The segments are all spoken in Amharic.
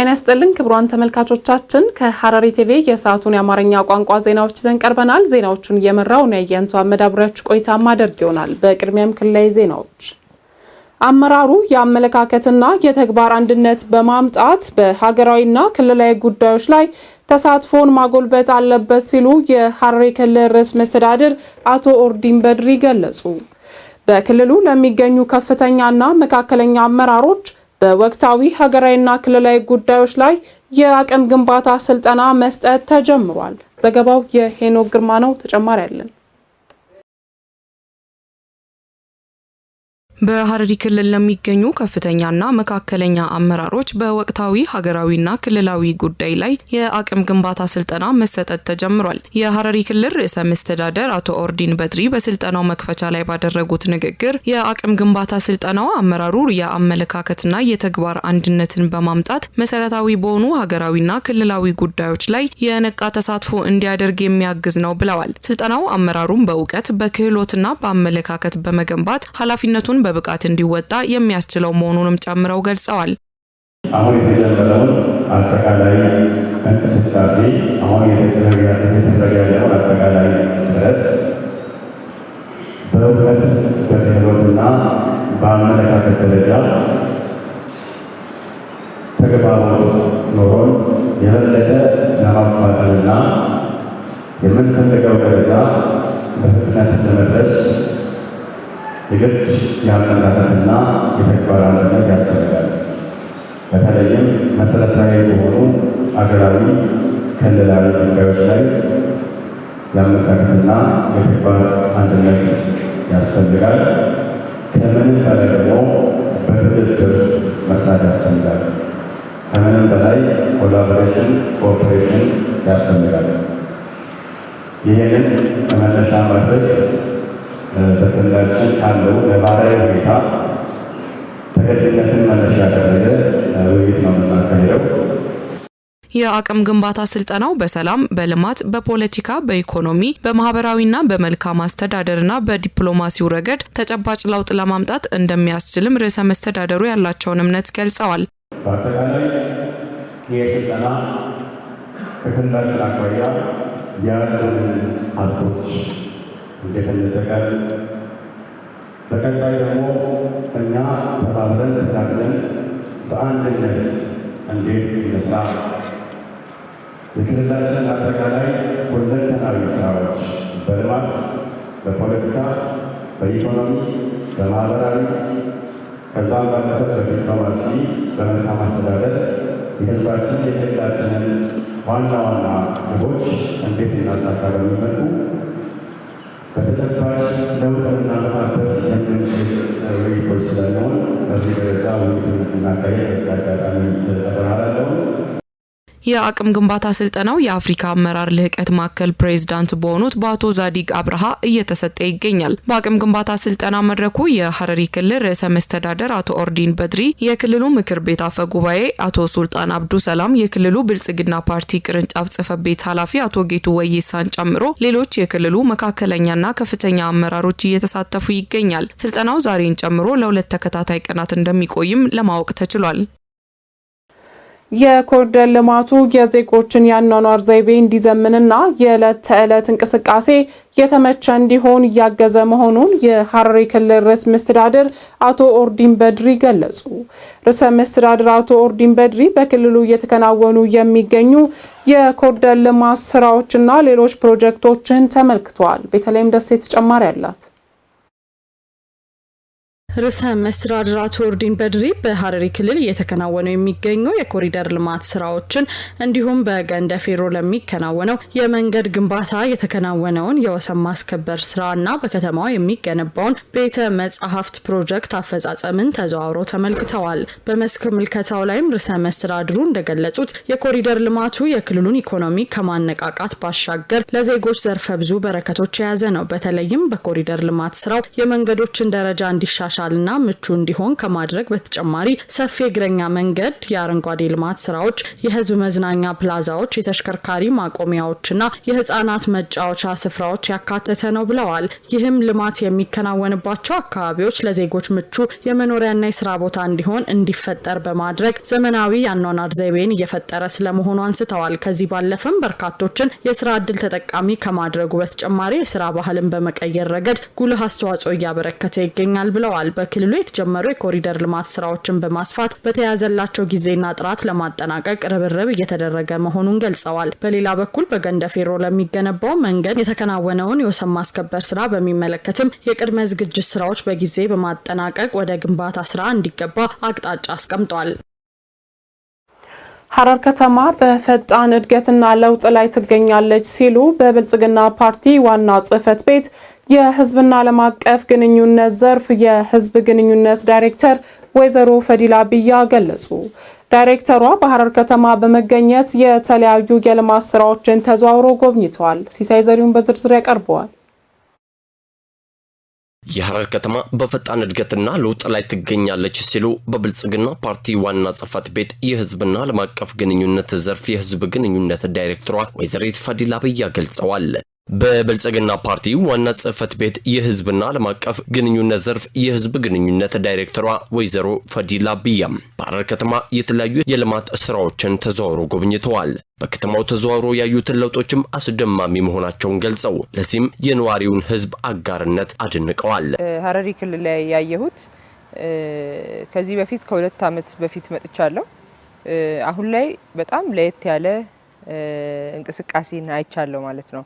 ጤና ይስጥልን ክቡራን ተመልካቾቻችን፣ ከሐረሪ ቲቪ የሰዓቱን የአማርኛ ቋንቋ ዜናዎች ይዘን ቀርበናል። ዜናዎቹን እየመራው ነየንቱ አመዳብሪያችሁ ቆይታ ማደርግ ይሆናል። በቅድሚያም ክልላዊ ዜናዎች። አመራሩ የአመለካከትና የተግባር አንድነት በማምጣት በሀገራዊና ክልላዊ ጉዳዮች ላይ ተሳትፎን ማጎልበት አለበት ሲሉ የሐረሪ ክልል ርዕሰ መስተዳድር አቶ ኦርዲን በድሪ ገለጹ። በክልሉ ለሚገኙ ከፍተኛና መካከለኛ አመራሮች በወቅታዊ ሀገራዊና ክልላዊ ጉዳዮች ላይ የአቅም ግንባታ ስልጠና መስጠት ተጀምሯል። ዘገባው የሄኖክ ግርማ ነው። ተጨማሪ አለን። በሐረሪ ክልል ለሚገኙ ከፍተኛና መካከለኛ አመራሮች በወቅታዊ ሀገራዊና ክልላዊ ጉዳይ ላይ የአቅም ግንባታ ስልጠና መሰጠት ተጀምሯል። የሐረሪ ክልል ርዕሰ መስተዳደር አቶ ኦርዲን በድሪ በስልጠናው መክፈቻ ላይ ባደረጉት ንግግር የአቅም ግንባታ ስልጠናው አመራሩ የአመለካከትና የተግባር አንድነትን በማምጣት መሰረታዊ በሆኑ ሀገራዊና ክልላዊ ጉዳዮች ላይ የነቃ ተሳትፎ እንዲያደርግ የሚያግዝ ነው ብለዋል። ስልጠናው አመራሩን በእውቀት በክህሎትና በአመለካከት በመገንባት ኃላፊነቱን በብቃት እንዲወጣ የሚያስችለው መሆኑንም ጨምረው ገልጸዋል። አሁን የተጀመረውን አጠቃላይ እንቅስቃሴ አሁን የተደረገ ያለውን አጠቃላይ ጥረት በእውቀት በትህሎትና በአመለካከት ደረጃ ተግባቦት ኖሮን የበለጠ ለማፋጠንና የምንፈልገው ደረጃ በፍጥነት ለመድረስ የግድ የአመለካከትና የተግባር አንድነት ያስፈልጋል። በተለይም መሰረታዊ በሆኑ አገራዊ፣ ክልላዊ ጉዳዮች ላይ የአመለካከትና የተግባር አንድነት ያስፈልጋል። ከምንም በላይ ደግሞ በትብብር መስራት ያስፈልጋል። ከምንም በላይ ኮላቦሬሽን፣ ኮኦፕሬሽን ያስፈልጋል። ይህንን መነሻ ማድረግ በክልላችን ካለው ነባራዊ ሁኔታ ተገድነትን መነሻ ያደረገ ውይይት ነው የምናካሄደው። የአቅም ግንባታ ስልጠናው በሰላም፣ በልማት፣ በፖለቲካ፣ በኢኮኖሚ፣ በማህበራዊና በመልካም አስተዳደርና በዲፕሎማሲው ረገድ ተጨባጭ ለውጥ ለማምጣት እንደሚያስችልም ርዕሰ መስተዳደሩ ያላቸውን እምነት ገልጸዋል። በአጠቃላይ ይህ ስልጠና ከክልላችን አኳያ ያሉን ሀብቶች እንደገለጸ ቃል በቀጣይ ደግሞ እኛ ተባብረን ተጋግዘን በአንድነት እንዴት ይነሳ የክልላችን አጠቃላይ ሁለንተናዊ ስራዎች በልማት፣ በፖለቲካ፣ በኢኮኖሚ፣ በማህበራዊ ከዛም ባለፈ በዲፕሎማሲ፣ በመልካም አስተዳደር የህዝባችን የክልላችንን ዋና ዋና ግቦች እንዴት እናሳካ በሚመልኩ በተጨባጭ ለውጥና ለማበስ የምንችል ውይይቶች ስለሚሆን በዚህ ደረጃ ውይይት እናካሄድ በዚህ አጋጣሚ ተጠራራለሁ። የአቅም ግንባታ ስልጠናው የአፍሪካ አመራር ልህቀት ማዕከል ፕሬዚዳንት በሆኑት በአቶ ዛዲግ አብርሃ እየተሰጠ ይገኛል። በአቅም ግንባታ ስልጠና መድረኩ የሐረሪ ክልል ርዕሰ መስተዳደር አቶ ኦርዲን በድሪ፣ የክልሉ ምክር ቤት አፈ ጉባኤ አቶ ሱልጣን አብዱ ሰላም፣ የክልሉ ብልጽግና ፓርቲ ቅርንጫፍ ጽህፈት ቤት ኃላፊ አቶ ጌቱ ወይሳን ጨምሮ ሌሎች የክልሉ መካከለኛና ከፍተኛ አመራሮች እየተሳተፉ ይገኛል። ስልጠናው ዛሬን ጨምሮ ለሁለት ተከታታይ ቀናት እንደሚቆይም ለማወቅ ተችሏል። የኮሪደር ልማቱ የዜጎችን የአኗኗር ዘይቤ እንዲዘምንና የዕለት ተዕለት እንቅስቃሴ የተመቸ እንዲሆን እያገዘ መሆኑን የሐረሪ ክልል ርዕሰ መስተዳድር አቶ ኦርዲን በድሪ ገለጹ። ርዕሰ መስተዳድር አቶ ኦርዲን በድሪ በክልሉ እየተከናወኑ የሚገኙ የኮሪደር ልማት ስራዎችና ሌሎች ፕሮጀክቶችን ተመልክተዋል። በተለይም ደሴ ተጨማሪ አላት። ርዕሰ መስተዳድር አቶ ኦርዲን በድሪ በሀረሪ ክልል እየተከናወኑ የሚገኙ የኮሪደር ልማት ስራዎችን እንዲሁም በገንደ ፌሮ ለሚከናወነው የመንገድ ግንባታ የተከናወነውን የወሰን ማስከበር ስራና በከተማው የሚገነባውን ቤተ መጻሕፍት ፕሮጀክት አፈጻጸምን ተዘዋውሮ ተመልክተዋል። በመስክ ምልከታው ላይም ርዕሰ መስተዳድሩ እንደገለጹት የኮሪደር ልማቱ የክልሉን ኢኮኖሚ ከማነቃቃት ባሻገር ለዜጎች ዘርፈ ብዙ በረከቶች የያዘ ነው። በተለይም በኮሪደር ልማት ስራው የመንገዶችን ደረጃ እንዲሻሻል ቀላልና ምቹ እንዲሆን ከማድረግ በተጨማሪ ሰፊ የእግረኛ መንገድ፣ የአረንጓዴ ልማት ስራዎች፣ የህዝብ መዝናኛ ፕላዛዎች፣ የተሽከርካሪ ማቆሚያዎችና የህጻናት መጫወቻ ስፍራዎች ያካተተ ነው ብለዋል። ይህም ልማት የሚከናወንባቸው አካባቢዎች ለዜጎች ምቹ የመኖሪያና የስራ ቦታ እንዲሆን እንዲፈጠር በማድረግ ዘመናዊ የአኗኗር ዘይቤን እየፈጠረ ስለመሆኑ አንስተዋል። ከዚህ ባለፈም በርካቶችን የስራ እድል ተጠቃሚ ከማድረጉ በተጨማሪ የስራ ባህልን በመቀየር ረገድ ጉልህ አስተዋጽኦ እያበረከተ ይገኛል ብለዋል። በክልሉ የተጀመሩ የኮሪደር ልማት ስራዎችን በማስፋት በተያያዘላቸው ጊዜና ጥራት ለማጠናቀቅ ርብርብ እየተደረገ መሆኑን ገልጸዋል። በሌላ በኩል በገንደፌሮ ለሚገነባው መንገድ የተከናወነውን የወሰን ማስከበር ስራ በሚመለከትም የቅድመ ዝግጅት ስራዎች በጊዜ በማጠናቀቅ ወደ ግንባታ ስራ እንዲገባ አቅጣጫ አስቀምጧል። ሐረር ከተማ በፈጣን እድገትና ለውጥ ላይ ትገኛለች ሲሉ በብልጽግና ፓርቲ ዋና ጽህፈት ቤት የህዝብና ዓለም አቀፍ ግንኙነት ዘርፍ የህዝብ ግንኙነት ዳይሬክተር ወይዘሮ ፈዲላ ብያ ገለጹ። ዳይሬክተሯ በሐረር ከተማ በመገኘት የተለያዩ የልማት ስራዎችን ተዘዋውሮ ጎብኝተዋል። ሲሳይ ዘሪሁን በዝርዝር ያቀርበዋል። የሐረር ከተማ በፈጣን እድገትና ለውጥ ላይ ትገኛለች ሲሉ በብልጽግና ፓርቲ ዋና ጽህፈት ቤት የህዝብና ዓለም አቀፍ ግንኙነት ዘርፍ የህዝብ ግንኙነት ዳይሬክተሯ ወይዘሪት ፈዲላ ብያ ገልጸዋል። በብልጽግና ፓርቲ ዋና ጽህፈት ቤት የህዝብና ዓለም አቀፍ ግንኙነት ዘርፍ የህዝብ ግንኙነት ዳይሬክተሯ ወይዘሮ ፈዲላ ብያም በሐረር ከተማ የተለያዩ የልማት ስራዎችን ተዘዋውሮ ጎብኝተዋል። በከተማው ተዘዋውሮ ያዩትን ለውጦችም አስደማሚ መሆናቸውን ገልጸው ለዚህም የነዋሪውን ህዝብ አጋርነት አድንቀዋል። ሐረሪ ክልል ላይ ያየሁት ከዚህ በፊት ከሁለት ዓመት በፊት መጥቻለሁ። አሁን ላይ በጣም ለየት ያለ እንቅስቃሴን አይቻለሁ ማለት ነው።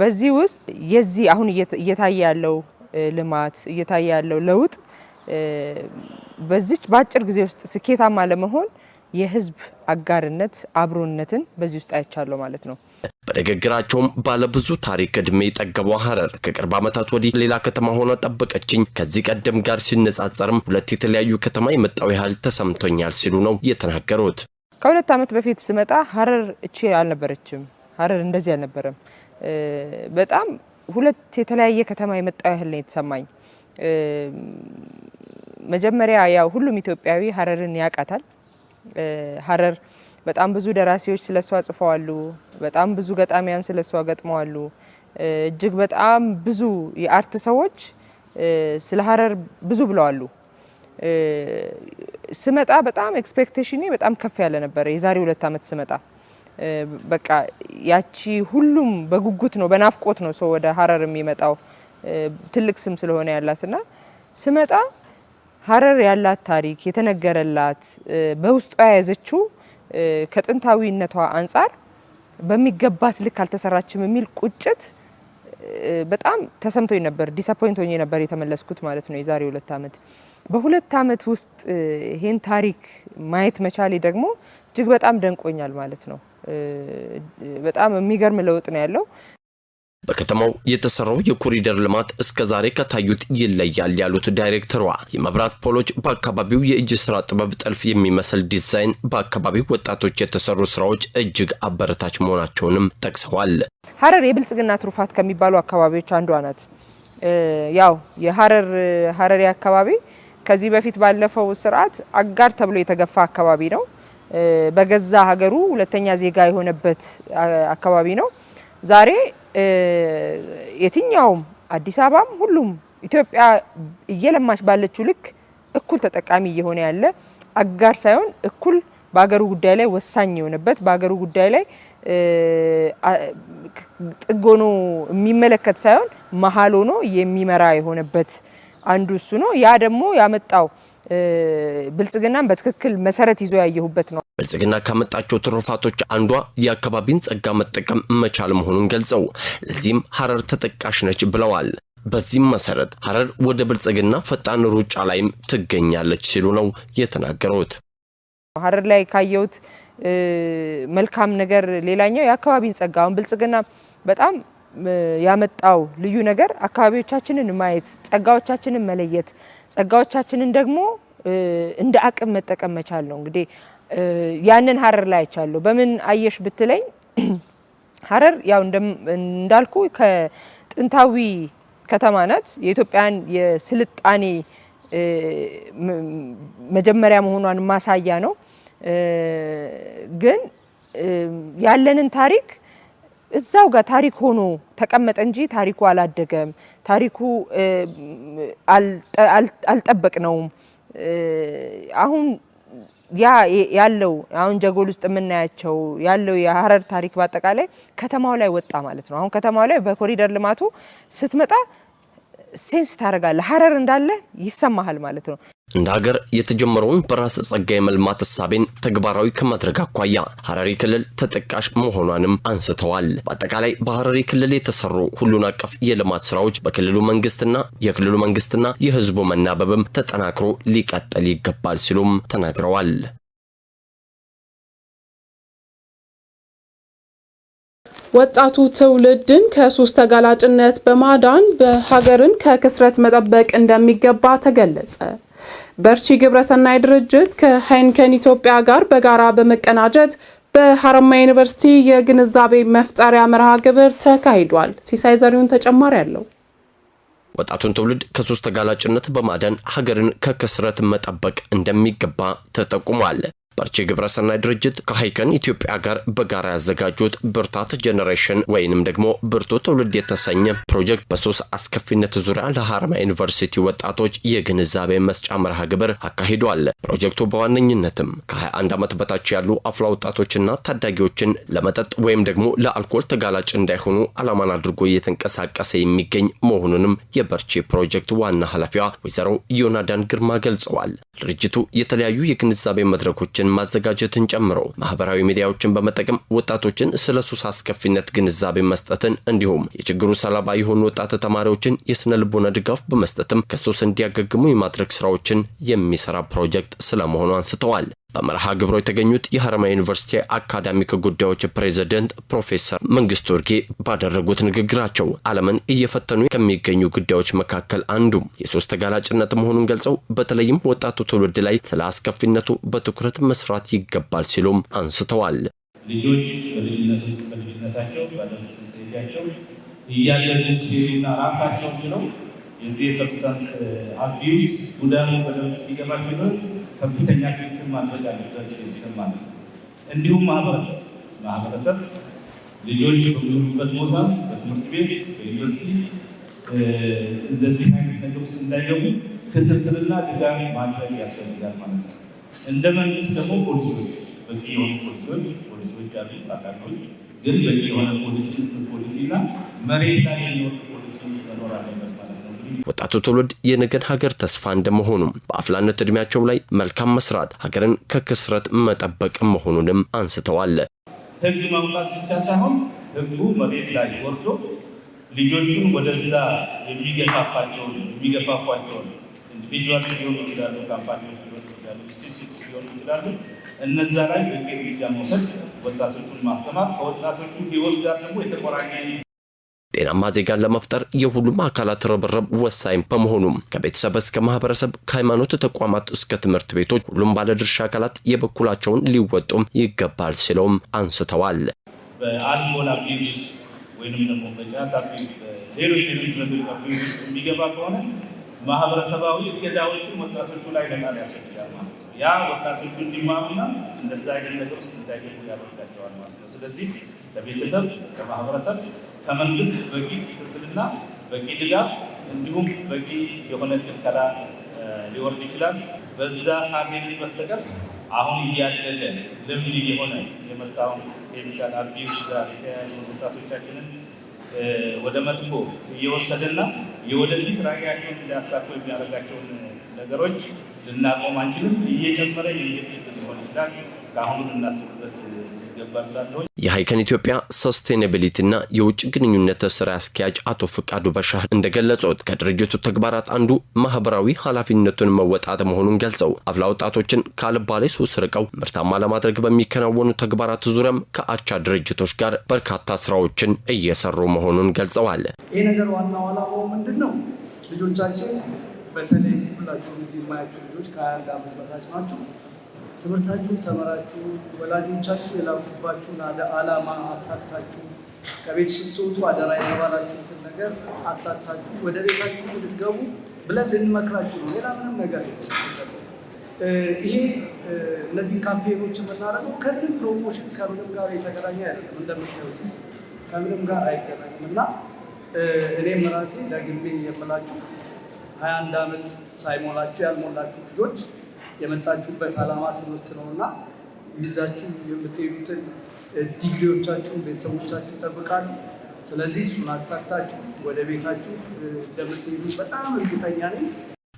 በዚህ ውስጥ የዚህ አሁን እየታየ ያለው ልማት እየታየ ያለው ለውጥ በዚች በአጭር ጊዜ ውስጥ ስኬታማ ለመሆን የህዝብ አጋርነት አብሮነትን በዚህ ውስጥ አይቻለሁ ማለት ነው። በንግግራቸውም ባለብዙ ታሪክ እድሜ የጠገቧ ሀረር ከቅርብ ዓመታት ወዲህ ሌላ ከተማ ሆኖ ጠበቀችኝ። ከዚህ ቀደም ጋር ሲነጻጸርም ሁለት የተለያዩ ከተማ የመጣው ያህል ተሰምቶኛል ሲሉ ነው የተናገሩት። ከሁለት ዓመት በፊት ስመጣ ሀረር እቺ አልነበረችም። ሀረር እንደዚህ አልነበረም። በጣም ሁለት የተለያየ ከተማ የመጣው ያህል ነው የተሰማኝ። መጀመሪያ ያው ሁሉም ኢትዮጵያዊ ሀረርን ያውቃታል። ሀረር በጣም ብዙ ደራሲዎች ስለሷ ጽፈዋሉ። በጣም ብዙ ገጣሚያን ስለሷ ገጥመዋሉ። እጅግ በጣም ብዙ የአርት ሰዎች ስለ ሀረር ብዙ ብለዋሉ። ስመጣ በጣም ኤክስፔክቴሽኔ በጣም ከፍ ያለ ነበረ። የዛሬ ሁለት ዓመት ስመጣ በቃ ያቺ ሁሉም በጉጉት ነው በናፍቆት ነው ሰው ወደ ሀረር የሚመጣው ትልቅ ስም ስለሆነ ያላትና ስመጣ ሀረር ያላት ታሪክ የተነገረላት በውስጧ የያዘችው ከጥንታዊነቷ አንጻር በሚገባት ልክ አልተሰራችም የሚል ቁጭት በጣም ተሰምቶኝ ነበር፣ ዲስአፖይንት ሆኜ ነበር የተመለስኩት ማለት ነው የዛሬ ሁለት ዓመት። በሁለት ዓመት ውስጥ ይሄን ታሪክ ማየት መቻሌ ደግሞ እጅግ በጣም ደንቆኛል ማለት ነው። በጣም የሚገርም ለውጥ ነው ያለው። በከተማው የተሰራው የኮሪደር ልማት እስከ ዛሬ ከታዩት ይለያል ያሉት ዳይሬክተሯ የመብራት ፖሎች በአካባቢው የእጅ ስራ ጥበብ ጠልፍ የሚመስል ዲዛይን በአካባቢው ወጣቶች የተሰሩ ስራዎች እጅግ አበረታች መሆናቸውንም ጠቅሰዋል። ሀረር የብልጽግና ትሩፋት ከሚባሉ አካባቢዎች አንዷ ናት። ያው የሀረር ሀረሪ አካባቢ ከዚህ በፊት ባለፈው ስርዓት አጋር ተብሎ የተገፋ አካባቢ ነው። በገዛ ሀገሩ ሁለተኛ ዜጋ የሆነበት አካባቢ ነው። ዛሬ የትኛውም አዲስ አበባም ሁሉም ኢትዮጵያ እየለማች ባለችው ልክ እኩል ተጠቃሚ እየሆነ ያለ አጋር ሳይሆን እኩል በሀገሩ ጉዳይ ላይ ወሳኝ የሆነበት በሀገሩ ጉዳይ ላይ ጥጎኖ የሚመለከት ሳይሆን መሀል ሆኖ የሚመራ የሆነበት አንዱ እሱ ነው። ያ ደግሞ ያመጣው ብልጽግናን በትክክል መሰረት ይዞ ያየሁበት ነው። ብልጽግና ካመጣቸው ትሩፋቶች አንዷ የአካባቢን ጸጋ መጠቀም መቻል መሆኑን ገልጸው ለዚህም ሀረር ተጠቃሽ ነች ብለዋል። በዚህም መሰረት ሀረር ወደ ብልጽግና ፈጣን ሩጫ ላይም ትገኛለች ሲሉ ነው የተናገሩት። ሀረር ላይ ካየሁት መልካም ነገር ሌላኛው የአካባቢን ጸጋ አሁን ብልጽግና በጣም ያመጣው ልዩ ነገር አካባቢዎቻችንን ማየት፣ ጸጋዎቻችንን መለየት፣ ጸጋዎቻችንን ደግሞ እንደ አቅም መጠቀም መቻል ነው። እንግዲህ ያንን ሀረር ላይ አይቻለሁ። በምን አየሽ ብትለኝ ሀረር ያው እንዳልኩ ከጥንታዊ ከተማ ናት። የኢትዮጵያን የስልጣኔ መጀመሪያ መሆኗን ማሳያ ነው። ግን ያለንን ታሪክ እዛው ጋር ታሪክ ሆኖ ተቀመጠ እንጂ ታሪኩ አላደገም፣ ታሪኩ አልጠበቅነውም። አሁን ያ ያለው አሁን ጀጎል ውስጥ የምናያቸው ያለው የሀረር ታሪክ በአጠቃላይ ከተማው ላይ ወጣ ማለት ነው። አሁን ከተማው ላይ በኮሪደር ልማቱ ስትመጣ ሴንስ ታደርጋለህ፣ ሀረር እንዳለ ይሰማሃል ማለት ነው። እንደ ሀገር የተጀመረውን በራስ ጸጋ የመልማት እሳቤን ተግባራዊ ከማድረግ አኳያ ሀረሪ ክልል ተጠቃሽ መሆኗንም አንስተዋል። በአጠቃላይ በሀረሪ ክልል የተሰሩ ሁሉን አቀፍ የልማት ስራዎች በክልሉ መንግስትና የክልሉ መንግስትና የህዝቡ መናበብም ተጠናክሮ ሊቀጥል ይገባል ሲሉም ተናግረዋል። ወጣቱ ትውልድን ከሱስ ተጋላጭነት በማዳን በሀገርን ከክስረት መጠበቅ እንደሚገባ ተገለጸ። በርቺ ግብረሰናይ ድርጅት ከሃይንከን ኢትዮጵያ ጋር በጋራ በመቀናጀት በሀረማያ ዩኒቨርሲቲ የግንዛቤ መፍጠሪያ መርሃ ግብር ተካሂዷል። ሲሳይ ዘሪሁን ተጨማሪ አለው። ወጣቱን ትውልድ ከሱስ ተጋላጭነት በማደን ሀገርን ከክስረት መጠበቅ እንደሚገባ ተጠቁሟል። በርቼ ግብረሰናይ ድርጅት ከሃይከን ኢትዮጵያ ጋር በጋራ ያዘጋጁት ብርታት ጄኔሬሽን ወይንም ደግሞ ብርቱ ትውልድ የተሰኘ ፕሮጀክት በሶስት አስከፊነት ዙሪያ ለሀረማያ ዩኒቨርሲቲ ወጣቶች የግንዛቤ መስጫ መርሃ ግብር አካሂዷል። ፕሮጀክቱ በዋነኝነትም ከ21 ዓመት በታች ያሉ አፍላ ወጣቶችና ታዳጊዎችን ለመጠጥ ወይም ደግሞ ለአልኮል ተጋላጭ እንዳይሆኑ ዓላማን አድርጎ እየተንቀሳቀሰ የሚገኝ መሆኑንም የበርቼ ፕሮጀክት ዋና ኃላፊዋ ወይዘሮ ዮናዳን ግርማ ገልጸዋል። ድርጅቱ የተለያዩ የግንዛቤ መድረኮች መድረኮችን ማዘጋጀትን ጨምሮ ማህበራዊ ሚዲያዎችን በመጠቀም ወጣቶችን ስለ ሱስ አስከፊነት ግንዛቤ መስጠትን እንዲሁም የችግሩ ሰለባ የሆኑ ወጣት ተማሪዎችን የስነ ልቦና ድጋፍ በመስጠትም ከሱስ እንዲያገግሙ የማድረግ ስራዎችን የሚሰራ ፕሮጀክት ስለመሆኑ አንስተዋል። በመርሃ ግብሮ የተገኙት የሀረማ ዩኒቨርሲቲ አካዳሚክ ጉዳዮች ፕሬዚደንት ፕሮፌሰር መንግስቱ ርጌ ባደረጉት ንግግራቸው ዓለምን እየፈተኑ ከሚገኙ ጉዳዮች መካከል አንዱ የሶስት ተጋላጭነት መሆኑን ገልጸው በተለይም ወጣቱ ትውልድ ላይ ስለ አስከፊነቱ በትኩረት መስራት ይገባል ሲሉም አንስተዋል። ልጆች በልጅነታቸው በአዶለሰንስ ኤጃቸው እያደጉ ራሳቸው ችለው የዚህ የሰብስታንስ አቢዩዝ ጉዳዩ በደንብ እስኪገባቸው ድረስ ከፍተኛ ክትትል ማድረግ አለበት ማለት ነው። እንዲሁም ማህበረሰብ ማህበረሰብ ልጆች በሚሆኑበት ቦታ በትምህርት ቤት፣ በዩኒቨርሲቲ እንደዚህ አይነት ነገር ውስጥ እንዳይገቡ ክትትልና ድጋፍ ማድረግ ያስፈልጋል ማለት ነው። እንደ መንግስት ደግሞ ፖሊሲዎች በቂ የሆኑ ፖሊሲዎች ፖሊሲዎች አሉ ባካሎች ግን በቂ የሆነ ፖሊሲ ፖሊሲና መሬት ላይ የሚወርድ ፖሊሲ መኖር አለበት ማለት ነው። ወጣቱ ትውልድ የነገን ሀገር ተስፋ እንደመሆኑ በአፍላነት እድሜያቸው ላይ መልካም መስራት ሀገርን ከክስረት መጠበቅ መሆኑንም አንስተዋል። ህግ ማውጣት ብቻ ሳይሆን ህጉ መሬት ላይ ወርዶ ልጆቹን ወደዛ የሚገፋፋቸውን የሚገፋፏቸውን ኢንዲቪጁዋል ሊሆኑ ይችላሉ፣ ካምፓኒዎች ሊሆኑ ይችላሉ፣ ኢንስቲትዩት ሊሆኑ ይችላሉ። እነዛ ላይ እርምጃ መውሰድ፣ ወጣቶቹን ማሰማር ከወጣቶቹ ህይወት ጋር ደግሞ የተቆራኘ ጤናማ ዜጋን ለመፍጠር የሁሉም አካላት ርብርብ ወሳኝ በመሆኑም ከቤተሰብ እስከ ማህበረሰብ፣ ከሃይማኖት ተቋማት እስከ ትምህርት ቤቶች ሁሉም ባለድርሻ አካላት የበኩላቸውን ሊወጡም ይገባል ሲለውም አንስተዋል። በአልኮል አቢዩዝ ወይንም ደግሞ በጫት አቢዩዝ፣ ሌሎች ሌሎች ድረግ አቢዩዝ የሚገባ ከሆነ ማህበረሰባዊ እገዳዎችን ወጣቶቹ ላይ ለጣል ያስፈልጋል ማለት ነው። ያ ወጣቶቹ እንዲማሩና እንደዛ አይነት ነገር ውስጥ እንዳይገቡ ያደርጋቸዋል ማለት ነው። ስለዚህ ከቤተሰብ ከማህበረሰብ ከመንግስት በቂ ክትትልና በቂ ድጋፍ እንዲሁም በቂ የሆነ ክልከላ ሊወርድ ይችላል። በዛ ካገኝ በስተቀር አሁን እያደገ ልምድ የሆነ የመጣውን ኬሚካል አቢዩስ ጋር የተያያዙ ወጣቶቻችንን ወደ መጥፎ እየወሰደና የወደፊት ራዕያቸውን ሊያሳኩ የሚያደርጋቸውን ነገሮች ልናቆም አንችልም። እየጨመረ የየት ችግር ሊሆን ይችላል። ከአሁኑ ልናስብበት የሀይከን ኢትዮጵያ ሰስቴናቢሊቲና የውጭ ግንኙነት ስራ አስኪያጅ አቶ ፍቃዱ በሻህ እንደገለጹት ከድርጅቱ ተግባራት አንዱ ማህበራዊ ኃላፊነቱን መወጣት መሆኑን ገልጸው አፍላ ወጣቶችን ከአልባሌ ሱስ ርቀው ምርታማ ለማድረግ በሚከናወኑ ተግባራት ዙሪያም ከአቻ ድርጅቶች ጋር በርካታ ስራዎችን እየሰሩ መሆኑን ገልጸዋል። ይህ ነገር ዋናው ዓላማው ምንድን ነው? ልጆቻችን በተለይ ሁላችሁ ጊዜ የማያችሁ ልጆች ከ ዓመት በታች ናቸው። ትምህርታችሁን ተመራችሁ ወላጆቻችሁ የላኩባችሁን አላማ አሳክታችሁ ከቤት ስትወጡ አደራ የተባላችሁትን ነገር አሳክታችሁ ወደ ቤታችሁ እንድትገቡ ብለን ልንመክራችሁ ነው። ሌላ ምንም ነገር ይሄ እነዚህ ካምፔኖች የምናደርገው ከምንም ፕሮሞሽን ከምንም ጋር የተገናኘ አይደለም። እንደምታዩት ከምንም ጋር አይገናኝም እና እኔም ራሴ ደግሜ የምላችሁ ሀያ አንድ ዓመት ሳይሞላችሁ ያልሞላችሁ ልጆች የመጣችሁበት ዓላማ ትምህርት ነው እና ይዛችሁ የምትሄዱትን ዲግሪዎቻችሁን ቤተሰቦቻችሁ ይጠብቃሉ። ስለዚህ እሱን አሳክታችሁ ወደ ቤታችሁ እንደምትሄዱ በጣም እርግጠኛ ነኝ።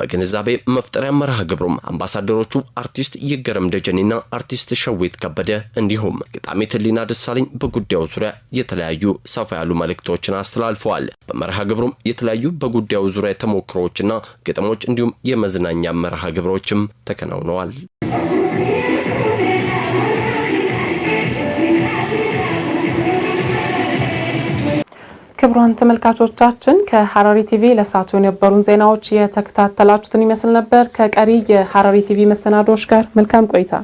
በግንዛቤ መፍጠሪያ መርሃ ግብሩም አምባሳደሮቹ አርቲስት ይገረም ደጀኔና አርቲስት ሸዊት ከበደ እንዲሁም ገጣሚት ህሊና ደሳለኝ በጉዳዩ ዙሪያ የተለያዩ ሰፋ ያሉ መልእክቶችን አስተላልፈዋል። በመርሃ ግብሩም የተለያዩ በጉዳዩ ዙሪያ ተሞክሮዎችና ግጥሞች እንዲሁም የመዝናኛ መርሃ ግብሮችም ተከናውነዋል። ክቡራን ተመልካቾቻችን ከሐረሪ ቲቪ ለሰዓቱ የነበሩን ዜናዎች የተከታተላችሁትን ይመስል ነበር። ከቀሪ የሐረሪ ቲቪ መሰናዶዎች ጋር መልካም ቆይታ